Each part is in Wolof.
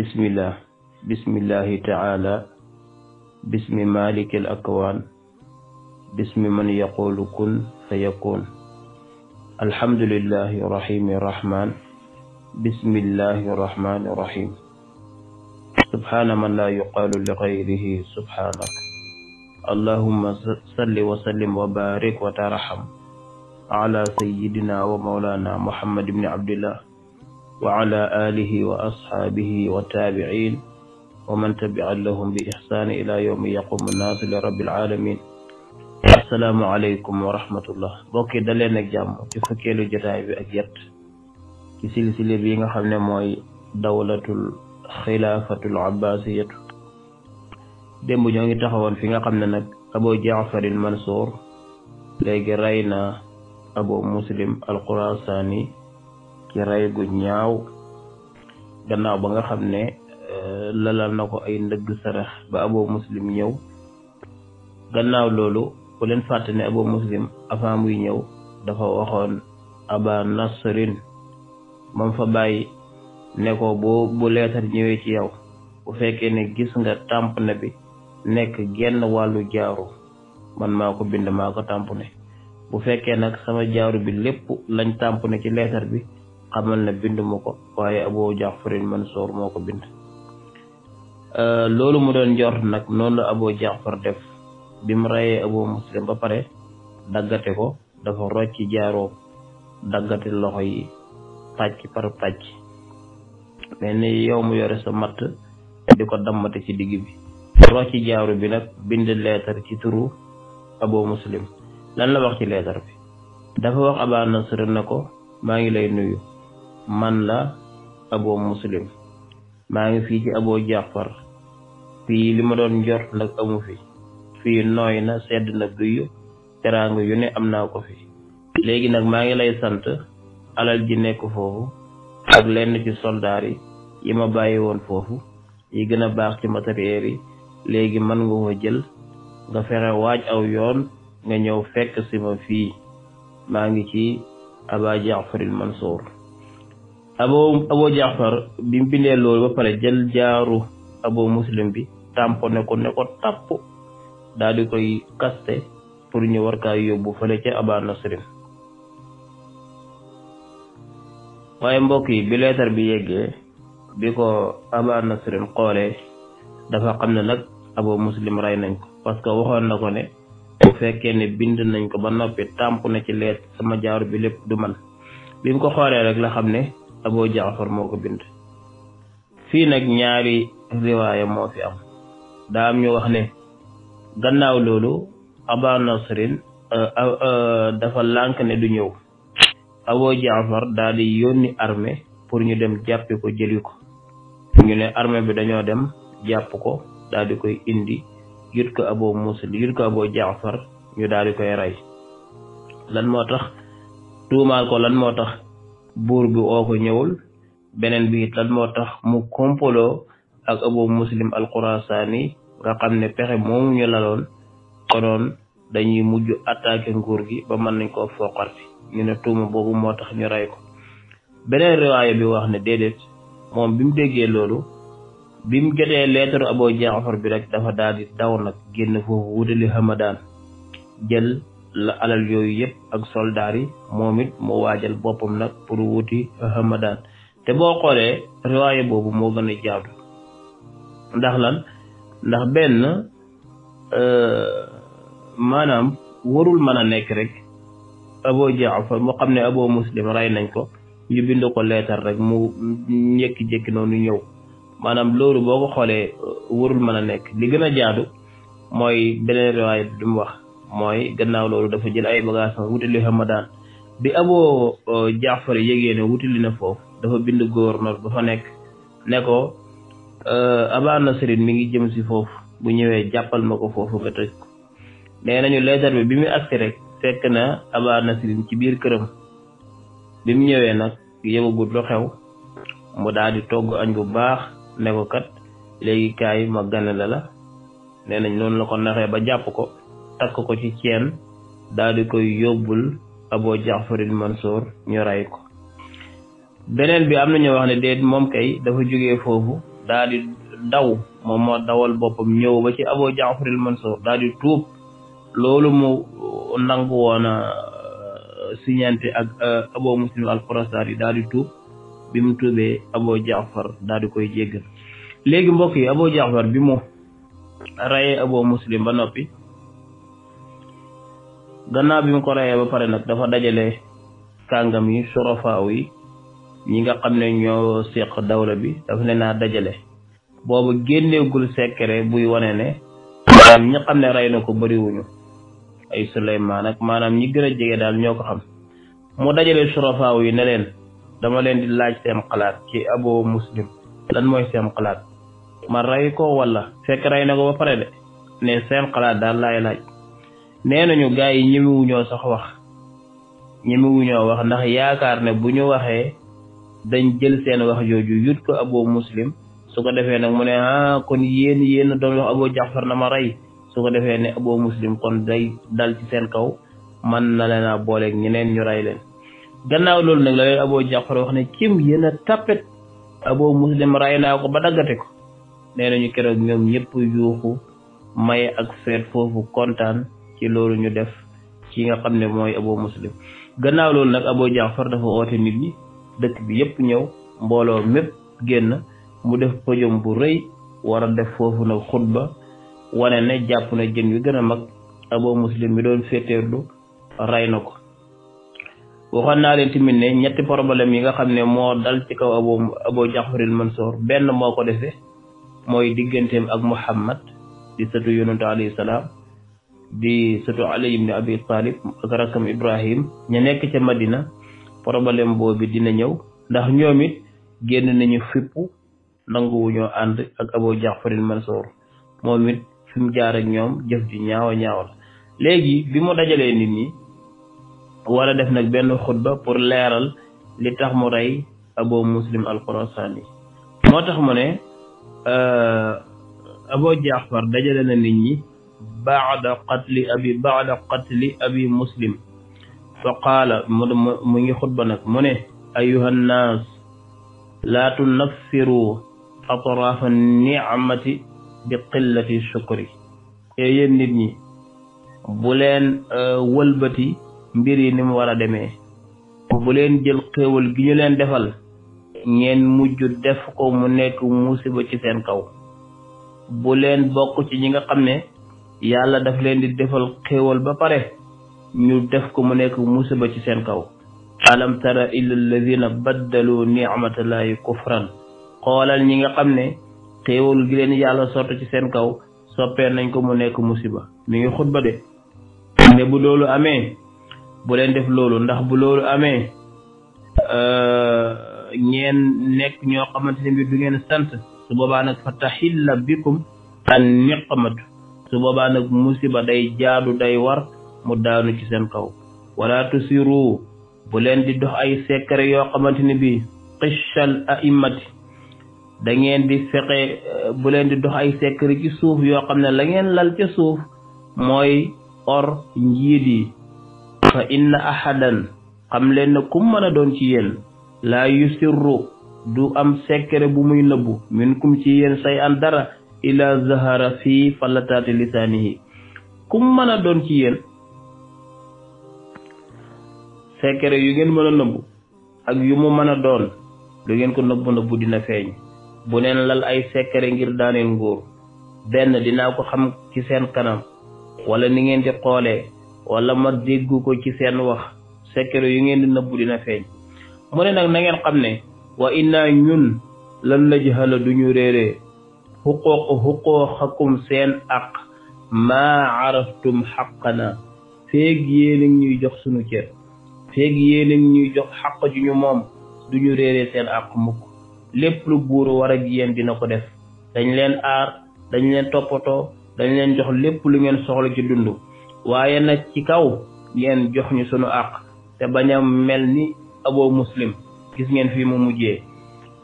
بسم الله بسم الله تعالى بسم مالك الأكوان بسم من يقول كن فيكون الحمد لله رحيم الرحمن بسم الله الرحمن الرحيم سبحان من لا يقال لغيره سبحانك اللهم صل وسلم وبارك وترحم على سيدنا ومولانا محمد بن عبد الله وعلى آله وأصحابه وتابعين ومن تبع لهم بإحسان إلى يوم يقوم الناس لرب العالمين السلام عليكم ورحمة الله بوكي دلين جام تفكي لجرائب أجرت كسيل سيلي بيغا خمنا موي دولة الخلافة العباسية ديمو جانجي تخوان فيغا خمنا نك أبو جعفر المنصور لأجرائنا أبو مسلم القراصاني ثاني ci rey gu ñaaw gannaaw ba nga xam ne euh, lalal na ko ay ndëgg sarax ba abo muslim ñëw gannaaw loolu bu leen fàtte ne abo muslim avant muy ñëw dafa waxoon aba nasrin moom fa bàyyi ne ko boo bu leetar ñëwee ci yow bu fekkee ne gis nga tàmp na bi nekk genn wàllu jaaru man maa ko bind maa ko tàmp ne bu fekkee nag sama jaaru bi lépp lañ tàmp ne ci leetar bi xamal na bind mu ko waaye Abu Jaafarin Mansour moo ko bind euh, loolu mu doon njort nag noonu la Abu Jaafar def bi mu rayee Abu Muslim ba pare daggate ko dafa rocci jaaro daggate loxo yi pàcc par pàcc mel ni yow mu yore sa matt di ko ci digg bi rocci jaaru bi nag bind leetar ci turu Abu Muslim lan la wax ci leetar bi dafa wax Aba Nasr ne ko maa ngi lay nuyu man la abo muslim maa ngi fii ci abo jàppar fii li ma doon njort nag amu fi fi nooy na sedd na guyu teraanga yu ne am naa ko fi léegi nag maa ngi lay sant alal ji nekk foofu ak lenn ci soldaar yi yi ma bàyyi woon foofu yi gën a baax ci matériel yi léegi mën nga ko jël nga fexe waaj aw yoon nga ñëw fekk si ma fii maa ngi ci aba jaafar man soor abo abo jaafar bi mu bindee loolu ba pare jël jaaru abo muslim bi tamponné ko ne ko tàpp daal di koy kaste pour ñu war kaa yóbbu fële ca aba nasrin waaye mbokk yi bi leetar bi yeggee ko aba nasrin xoolee dafa xam ne nag abo muslim rey nañ ko parce que waxoon na ko ne bu fekkee ne bind nañ ko ba noppi tamponné ci leet sama jaaru bi lépp du man bi ko xoolee rek la xam ne Abu Jaafar moo ko bind fii nag ñaari riwaaya moo fi am daa am ñu wax ne gannaaw loolu Aba Nasrin euh, euh, euh, dafa lànk ne du ñëw Abu Jaafar daal di yónni pour ñu dem jàppi ko jëli ko ñu ne armée bi dañoo dem jàpp ko daal koy indi yut ko Abu Muslim yut ko Abu Jaafar ñu daal di koy rey lan moo tax tuumaal ko lan moo tax buur bi oo ko ñëwul beneen bi lan moo tax mu kompoloo ak Abu Muslim al-Khurasani nga xam ne pexe moom ñu laloon konoon dañuy mujj attaqué nguur gi ba mën nañ koo foqarti ñu ne tuuma boobu moo tax ñu rey ko beneen riwaaya bi wax ne déedéet moom bi mu déggee loolu bi mu jotee leetaru Abu Jaafar bi rek dafa daal di daw nag génn foofu wutali Hamadaan jël la alal yooyu yëpp ak soldaar yi moom it mu waajal boppam nag pour wuti Hamadan te boo xoolee riwaaye boobu moo gën a jaadu ndax lan ndax benn euh, maanaam warul mën a nekk rek Abu Jaafar mu xam ne Abu Muslim rey nañ ko ñu bind ko leetar rek mu njëkki-jékki noonu ñëw maanaam loolu boo ko xoolee warul mën a nekk li gën a jaadu mooy beneen riwaaye wax mooy gannaaw loolu dafa jël ay bagaasam ma Hamadaan bi aboo uh, Jaafar yégee ne wutali na foofu dafa bind gouverneur ba fa nekk ne ko uh, Aba Nasrin mi ngi jëm si foofu bu ñëwee jàppal ma ko foofu nga tëj ko nee nañu leetar bi bi mu agsi rek fekk na Aba Nasrin ci biir këram bi mu ñëwee nag yëgagut lu xew mu togg añ bu baax ne ko kat léegi kaay ma gane la la nee nañ noonu la ko ba jàpp ko takk ko ci ceen daal di koy yóbbul Abu Jaafar al-Mansuur ñu rey ko beneen bi am na ñu wax ne déet moom kay dafa jóge foofu daal di daw moom moo dawal boppam ñëw ba ci Abu Jaafar al-Mansuur daal di tuub loolu mu nangu woon euh, signante ak euh, Abu Muslim al-Xurasaani daal di tuub bi mu tuubee Abu Jaafar daal koy jéggal léegi mbokk yi Abu Jaafar bi mu Muslim ba noppi gannaaw bi mu ko reyee ba pare nag dafa dajale kàngam yi surafaaw yi ñi nga xam ne ñoo séq dawla bi dafa ne naa dajale booba génneegul sekkere buy wane ne maanaam ñi xam ne rey na ko bëriwuñu ay Suleymaan ak maanaam ñi gën a jege daal ñoo ko xam mu dajale surafaaw yi ne leen dama leen di laaj seen xalaat ki abo muslim lan mooy seen xalaat ma rey ko walla fekk rey ba pare de ne seen xalaat daal laay laaj nee nañu gars yi ñemewuñoo sax wax ñemewuñoo wax ndax yaakaar ne bu ñu waxee dañ jël seen wax jooju yut ko abo muslim su ko defee nag mu ne ah kon yéen yéen doon wax abo jaxfar na ma rey su ko defee ne abo muslim kon day dal seen kaw man na leen a ñeneen ñu rey leen gannaaw loolu nag la leen abo jaxfar wax ne cim yéen a tappet abo muslim rey naa ko ba daggate ko nee nañu keroog ñoom ñëpp yuuxu may ak feet foofu kontaan ci loolu ñu def ci nga xam ne mooy abo muslim gannaaw loolu nag abo jaafar dafa oote nit ñi dëkk bi yépp ñëw mbooloo mépp génn mu def pëjom bu rëy wara def foofu nag xutba wane ne jàpp na jën wi gën a mag abo muslim mi doon féeteerlu ray na ko waxoon naa leen tamit ne ñetti problème yi nga xam ne moo dal ci kaw abo abo jaxfaril mansoor benn moo ko defee mooy digganteem ak muhammad di sëtu yonentu alayhi salaam di sëtu Ali ibn Abi Talib ak rakkam Ibrahim ña nekk ca Madina problème boobu dina ñëw ndax ñoom it génn nañu fippu nanguwu ñoo ànd ak Abu Jaafar al-Mansuur moom fi mu jaar ak ñoom jëf ju ñaawa ñaawa la léegi bi mu dajalee nit ñi wala def nag benn xutba pour leeral li tax mu rey Abu Muslim al-Xurasaani moo tax mu ne euh, Abu Jaafar dajale na nit ñi baada qatli abi baada qatli abi muslim fa qaala mu ngi xutba nag mu ne ayuha nnaas laa tunaffiru atraafa nicmati bi qillati shukri e yéen nit ñi bu leen euh, wëlbati mbir yi ni mu war a demee bu leen jël xéewal gi ñu leen defal ngeen mujj def ko mu nekk musiba ci seen kaw bu leen bokk ci ñi nga xam ne yàlla def leen di defal xéewal ba pare ñu def ko mu nekk musiba ci seen kaw alam tara illa alladina baddalu nicmatallahi kufran xoolal ñi nga xam ne xéewal gi leen yàlla sott ci seen kaw soppee nañ ko mu nekk musiba mi ngi xutba de ne bu loolu amee bu leen def loolu ndax bu loolu amee ngeen euh, nekk ñoo xamante ne bi du ngeen sant su boobaa nag fa taxilla bikum an niqmatu su boobaa nag musiba day jaadu day war mu daanu ci seen kaw wala tusiru bu leen di dox ay secret yoo xamante ni bi xicchal aimati da ngeen di fexe eh, bu leen di dox ay secret ci suuf yoo xam ne la ngeen lal ca suuf mooy or njiit yi fa inna ahadan xam leen ne kum mën a doon ci yéen laa yusirru du am secret bu muy nëbbu min kum ci yéen say an dara ila zahara fi fallataati yi kum mën a doon ci yéen secret yu ngeen mën a nëbbu ak yu mu mën a doon lu ngeen ko nëbbu nëbbu dina feeñ bu neen lal ay sekere ngir daaneel nguur benn dinaa ko xam ci seen kanam wala ni ngeen di xoolee wala ma dégg ko ci seen wax secret yu ngeen di nëbbu dina feeñ mu ne nag na xam ne wa inna ñun lan najhala duñu réeree xuquq xuquqakum seen aq maa araftum xaqana feeg yéen ngi ñuy jox sunu cër feeg yéen ngi ñuy jox xaq ju ñu moom duñu réeree seen aq mukk lépp lu buur war ak yéen dina ko def dañ leen aar dañ leen toppatoo dañ leen jox lu ngeen soxla ci ci kaw jox ñu te abo muslim gis ngeen fi mu mujjee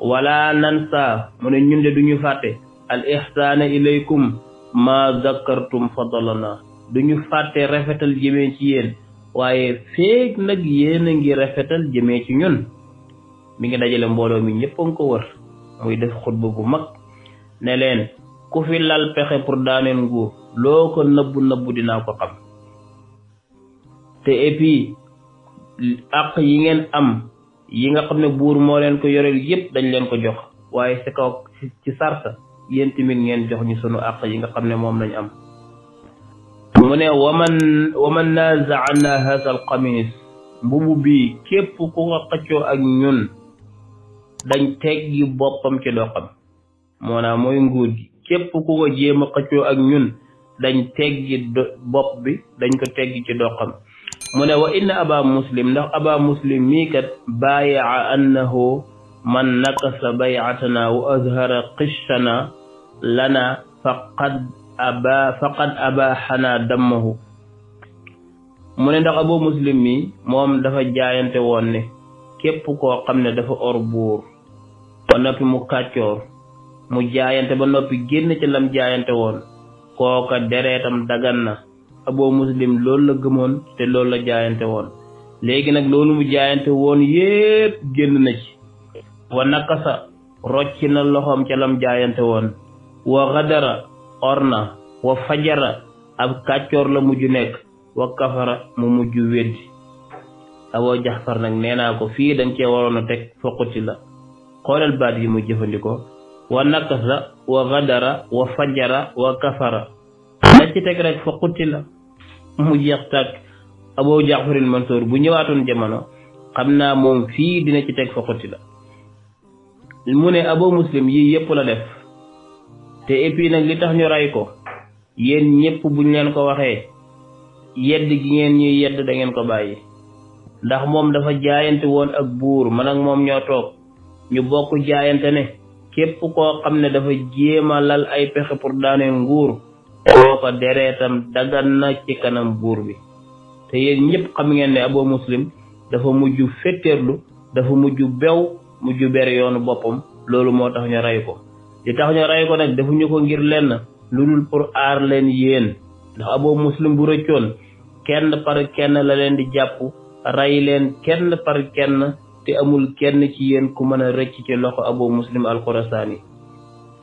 wala nan saa ne ñun de duñu al ihsaana ilaykum ma zakartum fadalana duñu fàtte rafetal jëmee ci yéen waaye feeg nag yéen a ngi rafetal jëmee ci ñun mi ngi dajale mbooloo mi ñëpp a ngi ko wër muy def xutba bu mag ne leen ku fi lal pexe pour daaneel nguur looko ko nëbbu nëbbu dinaa ko xam te et puis àq yi ngeen am yi nga xam ne buur moo leen ko yoreel yëpp dañ leen ko jox waaye ci sarta yéen ngeen jox ñu sunu àq yi nga xam ne moom lañ am mu ne waman man nazaana hatha al qamis mbubu bii képp ku nga xëccoo ak ñun dañ teggi boppam ci doxam moonaam mooy nguur gi képp ku ko jéem a xëccoo ak ñun dañ teggi bopp bi dañ ko teggi ci doqam mu ne wa inna aba muslim ndax aba muslim mii kat baayaa annahu man nakasa bay'atana wa azhara qishana lana faqad aba faqad abaxana dammahu mu ne ndax abu muslim mi moom dafa jaayante woon ne képp koo xam ne dafa or buur ba noppi mu kàccoor mu jaayante ba noppi génn ci lam jaayante woon kooka deretam dagan na abu muslim loolu la gëmoon te loolu la jaayante woon léegi nag loolu mu jaayante woon yépp génn na ci wa nakasa rocci na loxoom ca lam jaayante woon wa xadara orna wa fajara ab kàccoor la mujj nekk wa kafara mu mujj weddi aboo jaxfar nag nee naa ko fii dañ cee waroon a teg foquti la xoolal baat yi muy jëfandikoo wa nakasa wa xadara wa fajara wa kafara dañ ci teg rek foquti la mu jeex tàkk aboo jaxfaril mansoor bu ñëwaatoon jamono xam naa moom fii dina ci teg foquti la mu ne abo muslim yi yep la def te epi nak li tax ñu ray ko yéen ñep buñ leen ko waxe yedd gi ngeen ñuy yedd da ngeen ko bayyi ndax mom dafa jaayante won ak bur man ak mom ño tok ñu bokku jaayante ne képp ko xamne dafa jema lal ay pexe pour daane nguur ko dereetam dagan na ci kanam bur bi te yeen ñep xam ngeen ne abo muslim dafa muju fetterlu dafa muju bew mujj ber yoonu boppam loolu moo tax ñu rey ko li tax ñu rey ko nag defuñu ko ngir lenn lu dul pour aar leen yéen ndax aboo muslim bu rëccoon kenn par kenn la leen di jàpp rey leen kenn par kenn te amul kenn ci yéen ku mën a rëcc ci loxo aboo muslim alxurasaani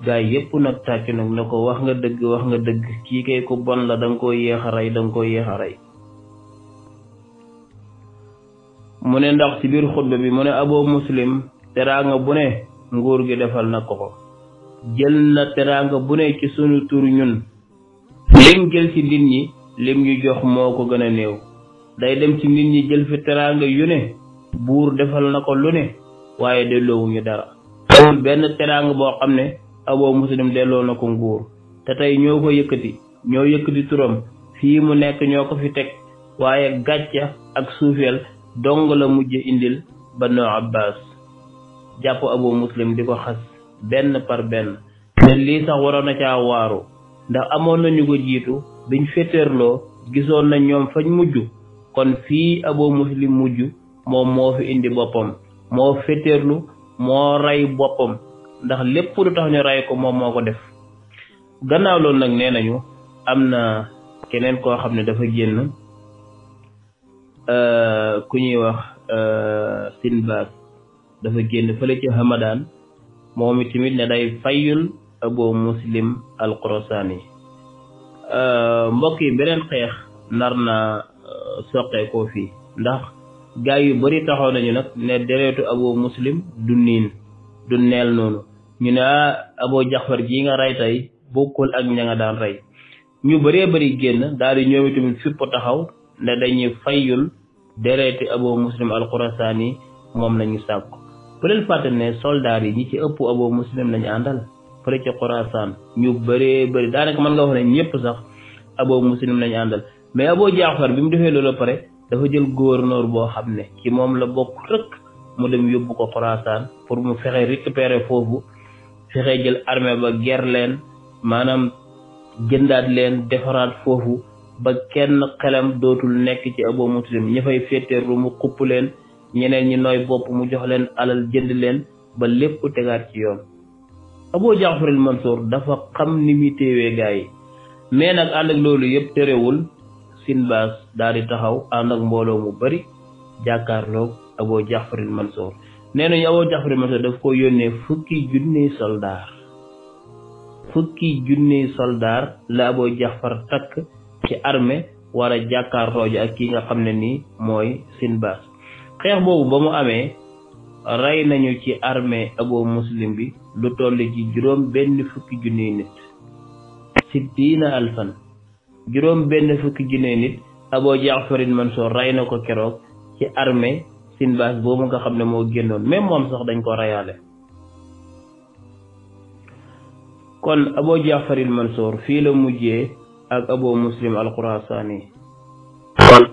gaa yépp nag tàcc nag ne ko wax nga dëgg wax nga dëgg kii kay ku bon la danga ko yéex a rey danga ko yéex a rey mu ne ndax ci biir xutba bi mu ne aboo muslim teraanga bu ne nguur gi defal na ko ko jël na teraanga bu ne ci sunu tuur ñun lim jël ci nit ñi lim ñu jox moo ko gën a néew day dem ci nit ñi jël fi teraanga yu ne buur defal na ko lu ne waaye delloowuñu dara benn teraanga boo xam ne aboo muslim delloo na ko nguur te tey ñoo ko yëkkati ñoo yëkkati turam fii mu nekk ñoo ko fi teg waaye gàcca ak suufeel dong la mujj indil banu abbas jàpp abo muslim di ko xas benn par benn te lii sax waroon na caa waaru ndax amoon nañu ko jiitu biñ féeteerloo gisoon na ñoom fañ mujj kon fii abu muslim mujj moom moo fi indi boppam moo féeteerlu moo rey boppam ndax lépp lu tax ñu rey ko moom moo ko def gannaaw loolu nag nee nañu am na keneen koo xam ne dafa génn euh, ku ñuy wax euh, Sinbad dafa génn fële ci hamadaan moom it tamit ne day fayul abu muslim al qurasani euh, mbokk yi beneen xeex nar na euh, soqeekoo fii ndax gaa yu bari taxaw nañu nag ne dereetu abu muslim du niin du neel noonu ñu ne ah, abu jaxfar ji nga rey tey bokkul ak ña nga daan rey ñu bëree bëri génn daal di ñoom tamit fipp taxaw ne dañuy fayul dereeti abu muslim al qurasani moom lañu sàkku bu leen fàtte ne soldaar yi ñi ci ëpp abo muslim lañu àndal fële ci Xorasaan ñu bëree bëri daanaka mën nga wax ne ñëpp sax abo muslim lañu àndal mais abo jaafar bi mu defee loolu pare dafa jël gouverneur boo xam ne ci moom la bokk rek mu dem yóbbu ko Xorasaan pour mu fexe récupérer foofu fexe jël armée ba ger leen maanaam jëndaat leen defaraat foofu ba kenn xelam dootul nekk ci abo muslim ña fay féeteeru mu xupp leen ñeneen ñi nooy bopp mu jox leen alal jënd leen ba lépp tegaat ci yoon aboo Jaafar al Mansour dafa xam ni muy téewee gaa yi mais nag ànd ak loolu yëpp terewul Sinbaas daal di taxaw ànd ak mbooloo mu bari jàkkaarloog Abu Jaafar al Mansour nee nañu Abu Jaafar al Mansour daf ko yónnee fukki junni soldaar fukki junni soldaar la Abu Jaafar takk ci armée war a jàkkaarloo ji ak ki nga xam ne nii mooy Sinbaas xeex boobu ba mu amee rey nañu ci armée ago muslim bi lu toll ci juróom benn fukki junniy nit si diina alfan juróom benn fukki junniy nit abo jaafarin mansoor rey na ko keroog ci armée sinbaas boobu nga xam ne moo génnoon même moom sax dañ ko reyaale kon abo jaafarin mansoor fii la mujjee ak abo muslim al xurasaani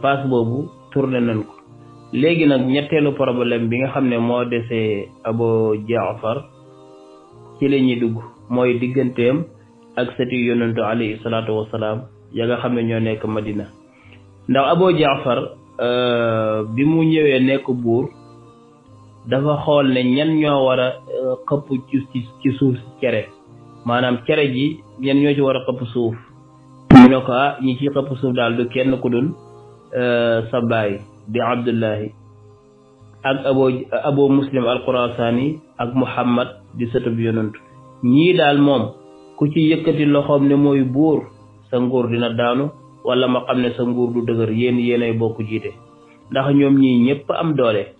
paas boobu tourné nañ ko léegi nag ñetteelu problème bi nga xam ne moo desee Abu Jaafar ci la ñuy dugg mooy digganteem ak sëti yonentu alayhi salaatu wasalaam ya nga xam ne ñoo nekk Madina ndax Abu Jaafar euh, bi mu ñëwee nekk buur dafa xool ne ñan ñoo war a euh, xëpp ci suuf cere maanaam cere ji ñan ñoo ci war a xëpp suuf ñu ko ah ñi ci xëpp suuf daal du kenn ku dul euh, sa baay di abdullahi ak abo abo muslim alxurasaani ak muhammad di sëtub yonent ñii daal moom ku ci yëkkati loxoom ni mooy buur sa nguur dina daanu wala ma xam ne sa nguur du dëgër yéen yéenay bokk jiite ndax ñoom ñii ñëpp am doole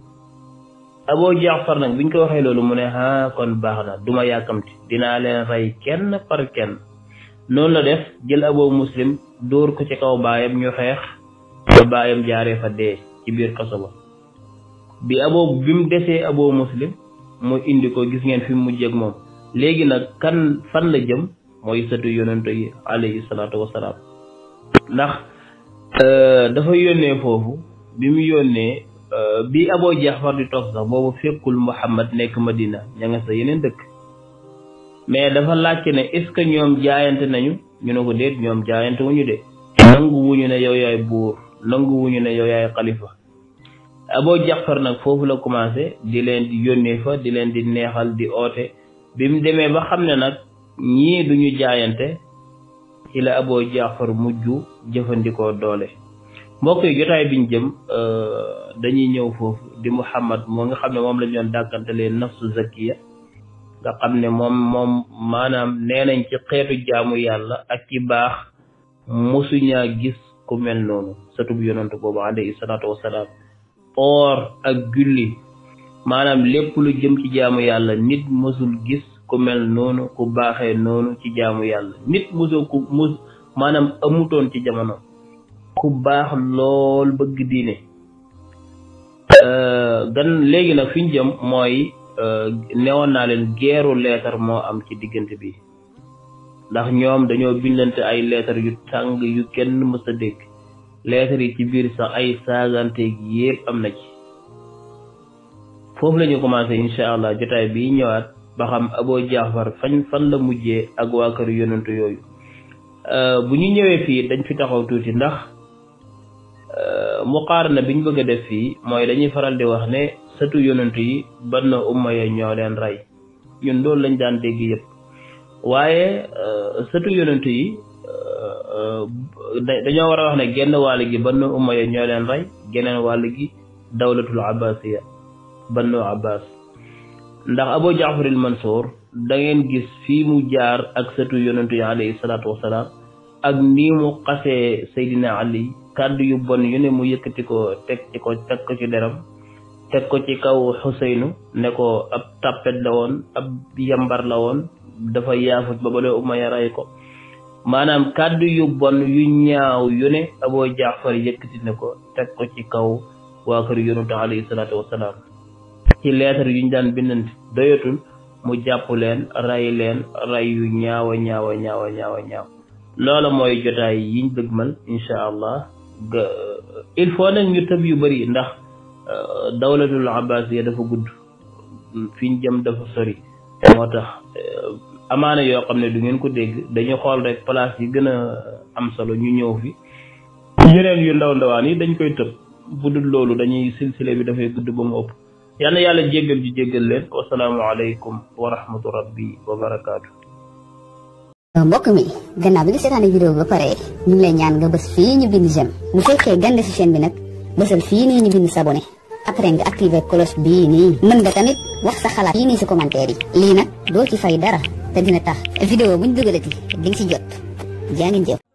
abo jaafar nag biñ ko waxee loolu mu ne ah kon baax na duma yàkkamti dinaa leen rey kenn par kenn noonu la def jël abo muslim dóor ko ci kaw baayam ñu xeex ba baayam jaaree fa dee ci biir kaso ba bi aboo bi mu desee aboo muslim mu indi ko gis ngeen fi mu mujj moom léegi nag kan fan la jëm mooy sëtu yonent yi alayhi salaatu wasalaam ndax euh, dafa yónnee foofu bi mu yónnee euh, bi aboo jaafar di toog sax boobu fekkul muhammad nekk madina ña nga yeneen dëkk mais dafa laajte ne est-ce que ñoom jaayante nañu ñu ne ko déet ñoom jaayante wuñu de nangu wuñu ne yow yaay buur nanguwuñu ne yow yaay xalifa aboo Jaafar nag foofu la commencé di leen di yónnee fa di leen di neexal di oote bi mu demee ba xam ne nag ñii duñu jaayante ci la Abu Jaafar mujj jëfandikoo doole mbokk yi jotaay biñ jëm euh, dañuy ñëw foofu di Muhammad moo nga xam ne moom lañ doon dàkkantalee nafsu zakiya nga xam ne moom moom maanaam nee nañ ci xeetu jaamu yàlla ak ci baax gis ku mel noonu satub yonantu boobu alayhi salaatu wasalaam oor ak julli maanaam lépp lu jëm ci jaamu yàlla nit mësul gis ku mel noonu ku baaxee noonu ci jaamu yàlla nit mësul ku mës maanaam amutoon ci jamono ku baax lool bëgg diine euh, gan léegi nag fi ñu jëm mooy euh, newoon naa leen geeru leetar moo am ci diggante bi ndax ñoom dañoo bindante ay leetar yu tàng yu kenn mës a dégg leetar yi ci biir sax ay saagante gi yépp am na ci foofu la ñu commencé incha allah jotaay bi ñëwaat ba xam Abu Jaafar fañ fan la mujjee ak waa kër yonantu yooyu euh, bu ñu ñëwee fii dañ fi taxaw tuuti ndax euh, mu na biñ bëgg a def fii mooy dañuy faral di wax ne sëtu yonantu yi ban na umma ya ñoo leen rey ñun loolu lañ daan dégg yëpp waaye euh, sëtu yonent yi euh, euh, dañoo war a wax ne genn wàll gi bannu umayya ñoo leen rey geneen wàll gi dawlatul abbasiya bannu abbas ndax abu jaafaril mansour da ngeen gis fii mu jaar ak sëtu yonent yi alayhi salaatu wasalaam ak nii mu xasee seydina ali kàddu yu bon yu ne mu yëkkati ko teg ci ko teg ko teg ko ci kaw xuseynu ne ko ab tàppet la woon ab yambar la woon dafa yaafus ba bale Umayya ray ko maanaam kàddu yu bon yu ñaaw yu ne Abu Jaafar yëkkati ne ko teg ko ci kaw waa kër yonent alayhi salaatu wasalaam ci leetar yuñ daan bindant doyatul mu jàpp leen ray leen ray yu ñaawa ñaawa ñaawa ñaawa ñaaw loola mooy jotaay yiñ dëgmal incha allah il faut nag ñu tëb yu bëri ndax dawlatul abbasiya dafa gudd fiñ jëm dafa sori moo tax amaana yoo xam ne du ngeen ko dégg dañu xool rek place yi gën a am solo ñu ñëw fi yeneen yu ndaw ndawaan yi dañ koy tëb bu dul loolu dañuy silsile bi dafay gudd ba mu ëpp yàlla yàlla jéggal ju jéggal leen wasalaamualeykum wa rahmatu rabbi wa barakaatu mbokk mi gannaaw bi nga seetaane vidéo ba pare ñu ngi lay ñaan nga bës fii ñu bind jëm bu fekkee gande si chaîne bi nag bësal fii nii ñu bind s'abonné après nga activer cloche bii nii mën nga tamit wax sa xalaat fii nii si commentaire yi lii nag doo ci fay dara Tadi dina video vidéo buñ dugalati di ci jot jangin jauh. jëf